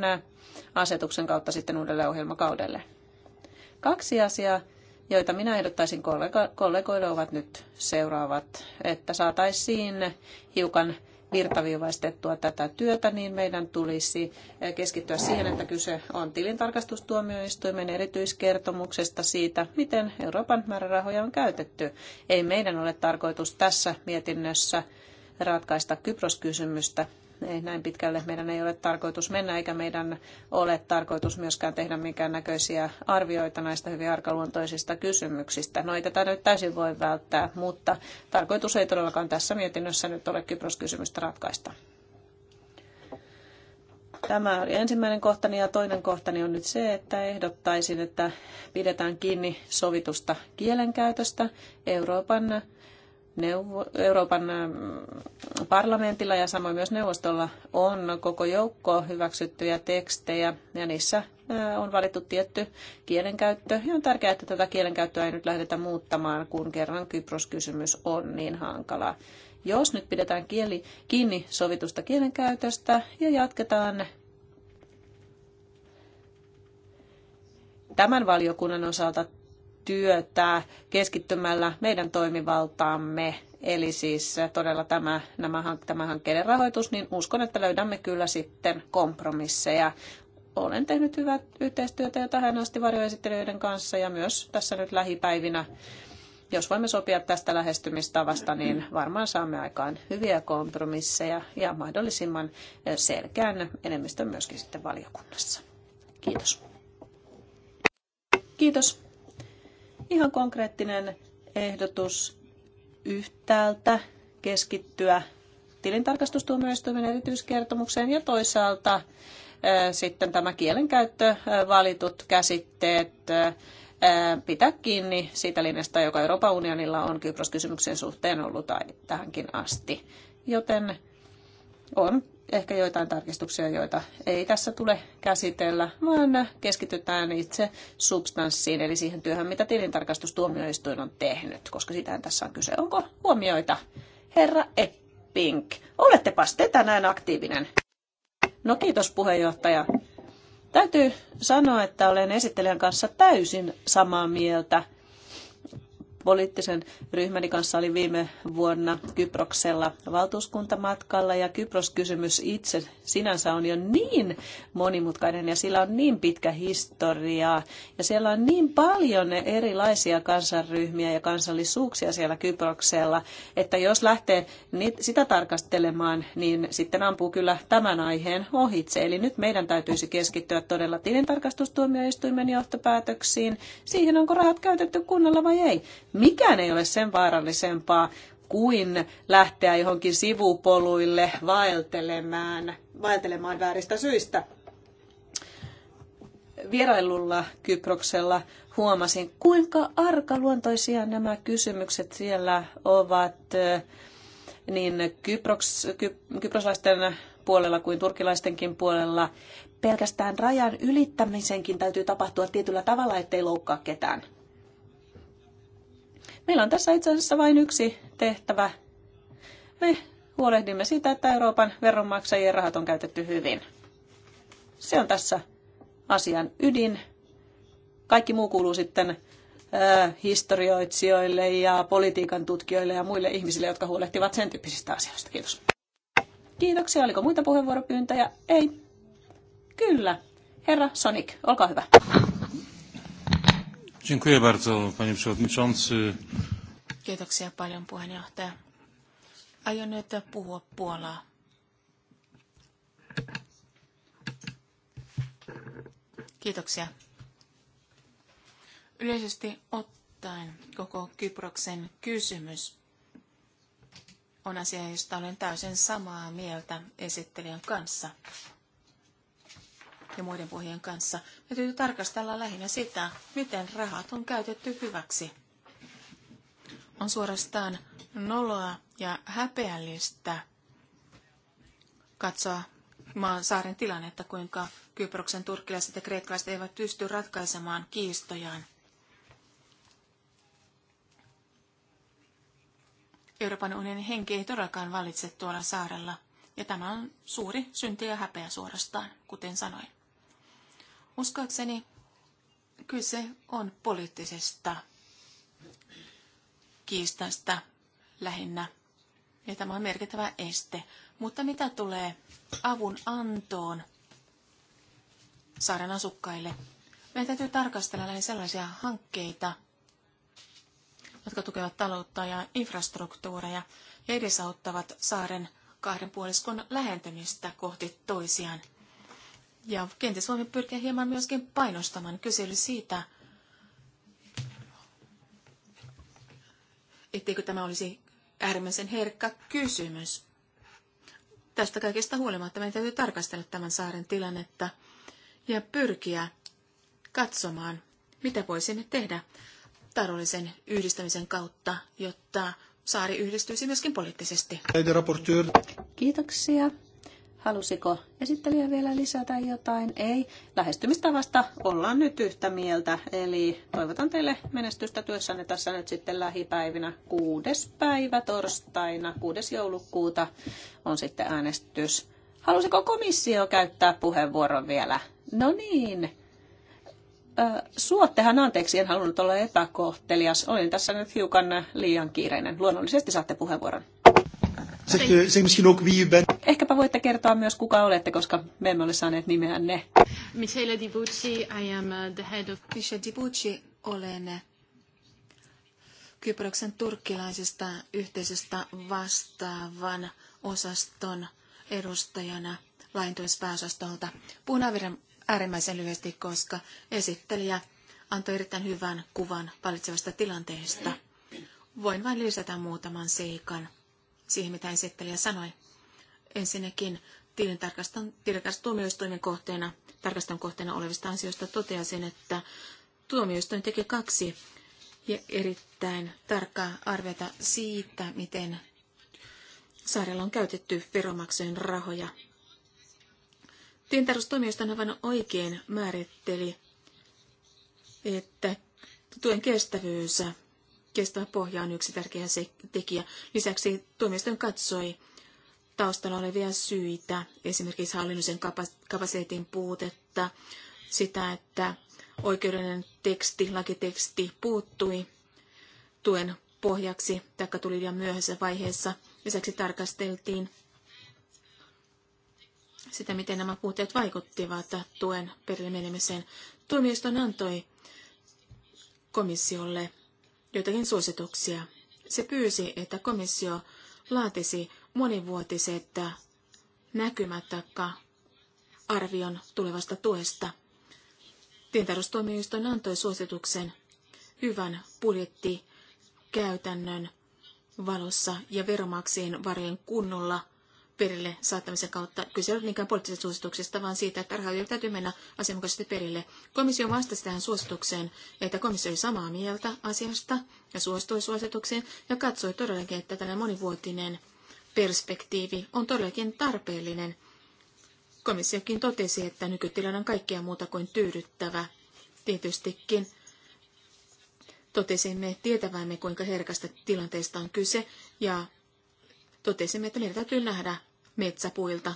asetuksen kautta sitten uudelle ohjelmakaudelle. Kaksi asiaa, joita minä ehdottaisin kollega, kollegoille, ovat nyt seuraavat, että saataisiin hiukan virtaviivaistettua tätä työtä, niin meidän tulisi eh, keskittyä siihen, että kyse on tilintarkastustuomioistuimen erityiskertomuksesta siitä, miten Euroopan määrärahoja on käytetty. Ei meidän ole tarkoitus tässä mietinnössä ratkaista Kypros-kysymystä, ei eh, näin pitkälle meidän ei ole tarkoitus mennä, eikä meidän ole tarkoitus myöskään tehdä minkään näköisiä arvioita näistä hyvin arkaluontoisista kysymyksistä. No ei tätä nyt täysin voi välttää, mutta tarkoitus ei todellakaan tässä mietinnössä nyt ole Kypros-kysymystä ratkaista. Tämä oli ensimmäinen kohtani ja toinen kohtani on nyt se, että ehdottaisin, että pidetään kiinni sovitusta kielenkäytöstä Euroopan neuvo- Euroopan ähm, parlamentilla ja samoin myös neuvostolla on koko joukko hyväksyttyjä tekstejä ja niissä äh, on valittu tietty kielenkäyttö. Ja on tärkeää, että tätä kielenkäyttöä ei nyt lähdetä muuttamaan, kun kerran Kypros-kysymys on niin hankala. Jos nyt pidetään kieli kiinni sovitusta kielenkäytöstä ja jatketaan tämän valiokunnan osalta työtä keskittymällä meidän toimivaltaamme, eli siis todella tämä, nämä, tämä hankkeiden rahoitus, niin uskon, että löydämme kyllä sitten kompromisseja. Olen tehnyt hyvää yhteistyötä jo tähän asti varjoesittelijöiden kanssa ja myös tässä nyt lähipäivinä jos voimme sopia tästä lähestymistavasta, niin varmaan saamme aikaan hyviä kompromisseja ja mahdollisimman selkeän enemmistön myöskin sitten valiokunnassa. Kiitos. Kiitos. Ihan konkreettinen ehdotus yhtäältä keskittyä tilintarkastustuomioistuimen erityiskertomukseen ja toisaalta sitten tämä kielenkäyttö, valitut käsitteet, pitää kiinni siitä linjasta, joka Euroopan unionilla on Kypros-kysymyksen suhteen ollut tähänkin asti. Joten on ehkä joitain tarkistuksia, joita ei tässä tule käsitellä, vaan keskitytään itse substanssiin, eli siihen työhön, mitä tilintarkastustuomioistuin on tehnyt, koska sitähän tässä on kyse. Onko huomioita? Herra Eppink, olettepas te tänään aktiivinen. No kiitos puheenjohtaja. Täytyy sanoa, että olen esittelijän kanssa täysin samaa mieltä – poliittisen ryhmäni kanssa oli viime vuonna Kyproksella valtuuskuntamatkalla ja Kypros-kysymys itse sinänsä on jo niin monimutkainen ja sillä on niin pitkä historia ja siellä on niin paljon erilaisia kansanryhmiä ja kansallisuuksia siellä Kyproksella, että jos lähtee sitä tarkastelemaan, niin sitten ampuu kyllä tämän aiheen ohitse. Eli nyt meidän täytyisi keskittyä todella tilintarkastustuomioistuimen johtopäätöksiin, siihen onko rahat käytetty kunnolla vai ei. Mikään ei ole sen vaarallisempaa kuin lähteä johonkin sivupoluille vaeltelemaan, vaeltelemaan vääristä syistä. Vierailulla Kyproksella huomasin, kuinka arkaluontoisia nämä kysymykset siellä ovat eh, niin Kyproks, Ky, kyproslaisten puolella kuin turkilaistenkin puolella. Pelkästään rajan ylittämisenkin täytyy tapahtua tietyllä tavalla, ettei loukkaa ketään. Meillä on tässä itse asiassa vain yksi tehtävä. Me huolehdimme siitä, että Euroopan veronmaksajien rahat on käytetty hyvin. Se on tässä asian ydin. Kaikki muu kuuluu sitten historioitsijoille ja politiikan tutkijoille ja muille ihmisille, jotka huolehtivat sen tyyppisistä asioista. Kiitos. Kiitoksia. Oliko muita puheenvuoropyyntöjä? Ei. Kyllä. Herra Sonic, olkaa hyvä. Dziękuję bardzo, panie przewodniczący. Kiitoksia paljon, puheenjohtaja. Aion nyt puhua Puolaa. Kiitoksia. Yleisesti ottaen koko Kyproksen kysymys on asia, josta olen täysin samaa mieltä esittelijän kanssa ja muiden puhujien kanssa. Me täytyy tarkastella lähinnä sitä, miten rahat on käytetty hyväksi. On suorastaan noloa ja häpeällistä katsoa maan saaren tilannetta, kuinka Kyproksen turkkilaiset ja kreikkalaiset eivät pysty ratkaisemaan kiistojaan. Euroopan unionin henki ei todellakaan valitse tuolla saarella, ja tämä on suuri synti ja häpeä suorastaan, kuten sanoin. Uskoakseni kyse on poliittisesta kiistasta lähinnä. Ja tämä on merkittävä este. Mutta mitä tulee avun antoon saaren asukkaille? Meidän täytyy tarkastella näin sellaisia hankkeita, jotka tukevat taloutta ja infrastruktuureja ja edesauttavat saaren kahden puoliskon lähentymistä kohti toisiaan – ja kenties voimme pyrkiä hieman myöskin painostamaan kysely siitä, etteikö tämä olisi äärimmäisen herkkä kysymys. Tästä kaikesta huolimatta meidän täytyy tarkastella tämän saaren tilannetta ja pyrkiä katsomaan, mitä voisimme tehdä taloudellisen yhdistämisen kautta, jotta saari yhdistyisi myöskin poliittisesti. Kiitoksia. Halusiko esittelijä vielä lisätä jotain? Ei. Lähestymistavasta ollaan nyt yhtä mieltä. Eli toivotan teille menestystä työssänne tässä nyt sitten lähipäivinä. Kuudes päivä torstaina, kuudes joulukuuta on sitten äänestys. Halusiko komissio käyttää puheenvuoron vielä? No niin. Suottehan anteeksi, en halunnut olla epäkohtelias. Olin tässä nyt hiukan liian kiireinen. Luonnollisesti saatte puheenvuoron. Se, eh, misschien ook wie bent. Ehkäpä voitte kertoa myös kuka olette, koska me emme ole saaneet nimeänne. Michele Di Bucci, I am eh, the head of... Michele Di Bucci, olen eh, Kyproksen turkkilaisesta yhteisöstä vastaavan osaston edustajana laintuispääosastolta. Puhun äärimmäisen lyhyesti, koska esittelijä antoi erittäin hyvän kuvan valitsevasta tilanteesta. Voin vain lisätä muutaman seikan siihen, mitä esittelijä sanoi. Ensinnäkin tilintarkastustuomioistuimen kohteena, tarkastan kohteena olevista ansioista toteaisin, että tuomioistuin teki kaksi ja erittäin tarkkaa arvioita siitä, miten saarella on käytetty veromaksujen rahoja. Tilintarkastustuomioistuin aivan oikein määritteli, että tuen kestävyys kestävä pohja on yksi tärkeä tekijä. Lisäksi tuomioistuin katsoi taustalla olevia syitä, esimerkiksi hallinnollisen kapasiteetin puutetta, sitä, että oikeudellinen teksti, lakiteksti puuttui tuen pohjaksi, taikka tuli liian myöhäisessä vaiheessa. Lisäksi tarkasteltiin sitä, miten nämä puutteet vaikuttivat tuen perille menemiseen. Tuomioistuin antoi komissiolle joitakin suosituksia. Se pyysi, että komissio laatisi monivuotiset näkymät arvion tulevasta tuesta. Tintarustuomioistuin antoi suosituksen hyvän budjettikäytännön valossa ja veromaksien varien kunnolla – perille saattamisen kautta. Kyse ei ole niinkään poliittisesta suosituksesta, vaan siitä, että rahojen täytyy mennä asianmukaisesti perille. Komissio vastasi tähän suositukseen, että komissio oli samaa mieltä asiasta ja suostui suositukseen ja katsoi todellakin, että tällainen monivuotinen perspektiivi on todellakin tarpeellinen. Komissiokin totesi, että nykytilanne on kaikkea muuta kuin tyydyttävä. Tietystikin totesimme tietävämme, kuinka herkästä tilanteesta on kyse, ja Totesimme, että meidän täytyy nähdä metsäpuilta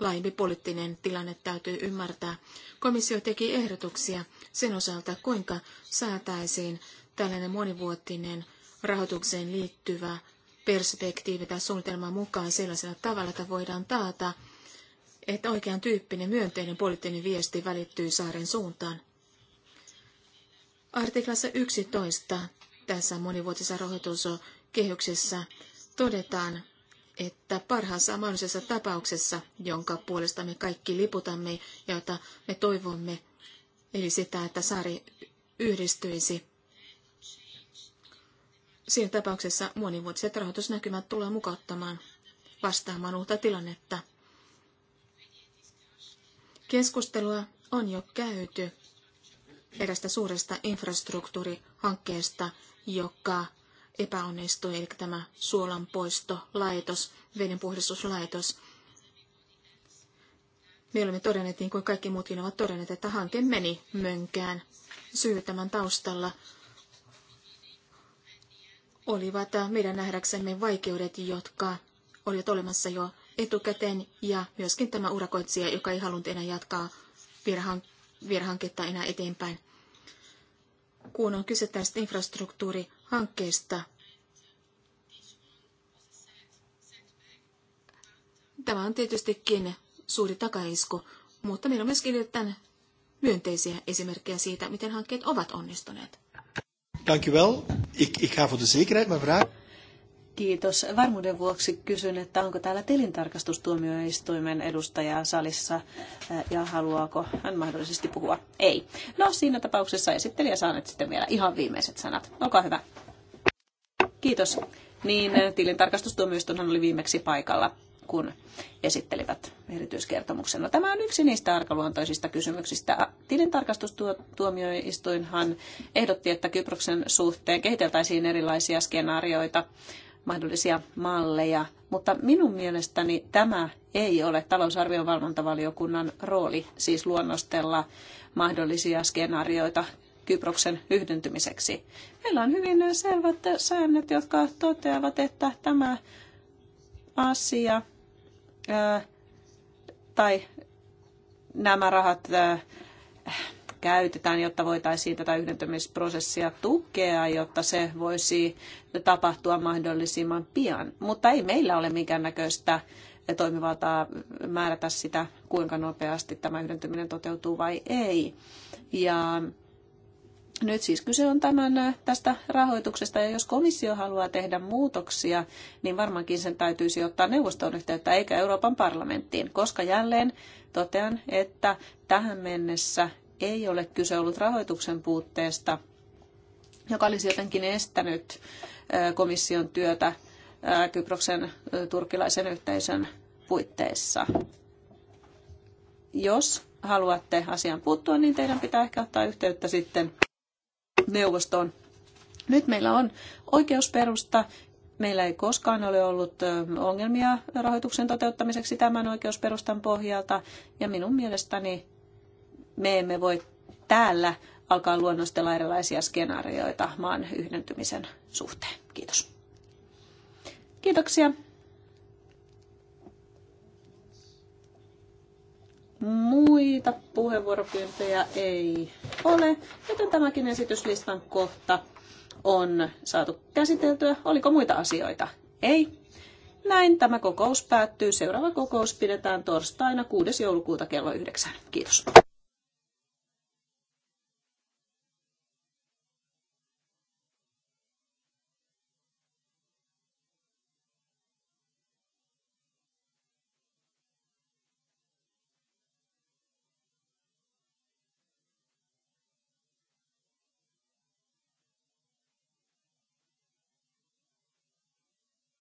laajempi poliittinen tilanne täytyy ymmärtää. Komissio teki ehdotuksia sen osalta, kuinka saataisiin tällainen monivuotinen rahoitukseen liittyvä perspektiivi tai suunnitelma mukaan sellaisella tavalla, että voidaan taata, että oikean tyyppinen myönteinen poliittinen viesti välittyy saaren suuntaan. Artiklassa 11 tässä monivuotisessa rahoituskehyksessä todetaan, että parhaassa mahdollisessa tapauksessa, jonka puolesta me kaikki liputamme ja jota me toivomme, eli sitä, että saari yhdistyisi, siinä tapauksessa monivuotiset rahoitusnäkymät tulee mukauttamaan vastaamaan uutta tilannetta. Keskustelua on jo käyty erästä suuresta infrastruktuurihankkeesta, joka epäonnistui, eli tämä suolanpoistolaitos, vedenpuhdistuslaitos. Me olemme todenneet, niin kuin kaikki muutkin ovat todenneet, että hanke meni mönkään. Syy tämän taustalla olivat meidän nähdäksemme vaikeudet, jotka olivat olemassa jo etukäteen, ja myöskin tämä urakoitsija, joka ei halunnut enää jatkaa virhanketta enää eteenpäin kun on kyse tästä infrastruktuurihankkeesta, Tämä on tietystikin suuri takaisku, mutta meillä on myöskin erittäin myönteisiä esimerkkejä siitä, miten hankkeet ovat onnistuneet. Dank Ik, ik ga voor de zekerheid mijn vraag. Kiitos. Varmuuden vuoksi kysyn, että onko täällä tilintarkastustuomioistuimen edustaja salissa eh, ja haluaako hän mahdollisesti puhua? Ei. No siinä tapauksessa esittelijä saa nyt sitten vielä ihan viimeiset sanat. Olkaa hyvä. Kiitos. Niin eh, tilintarkastustuomioistuinhan oli viimeksi paikalla kun esittelivät erityiskertomuksena. No, tämä on yksi niistä arkaluontoisista kysymyksistä. Tilintarkastustuomioistuinhan ehdotti, että Kyproksen suhteen kehiteltäisiin erilaisia skenaarioita, mahdollisia malleja, mutta minun mielestäni tämä ei ole talousarvion valvontavaliokunnan rooli, siis luonnostella mahdollisia skenaarioita Kyproksen yhdentymiseksi. Meillä on hyvin selvät säännöt, jotka toteavat, että tämä asia tai nämä rahat käytetään, jotta voitaisiin tätä yhdentymisprosessia tukea, jotta se voisi tapahtua mahdollisimman pian. Mutta ei meillä ole minkäännäköistä toimivaltaa määrätä sitä, kuinka nopeasti tämä yhdentyminen toteutuu vai ei. Ja nyt siis kyse on tämän, tästä rahoituksesta ja jos komissio haluaa tehdä muutoksia, niin varmaankin sen täytyisi ottaa neuvoston yhteyttä eikä Euroopan parlamenttiin, koska jälleen totean, että tähän mennessä ei ole kyse ollut rahoituksen puutteesta, joka olisi jotenkin estänyt komission työtä Kyproksen turkilaisen yhteisön puitteissa. Jos haluatte asian puuttua, niin teidän pitää ehkä ottaa yhteyttä sitten neuvostoon. Nyt meillä on oikeusperusta. Meillä ei koskaan ole ollut ongelmia rahoituksen toteuttamiseksi tämän oikeusperustan pohjalta. Ja minun mielestäni me emme voi täällä alkaa luonnostella erilaisia skenaarioita maan yhdentymisen suhteen. Kiitos. Kiitoksia. Muita puheenvuoropyyntöjä ei ole, joten tämäkin esityslistan kohta on saatu käsiteltyä. Oliko muita asioita? Ei. Näin tämä kokous päättyy. Seuraava kokous pidetään torstaina 6. joulukuuta kello 9. Kiitos.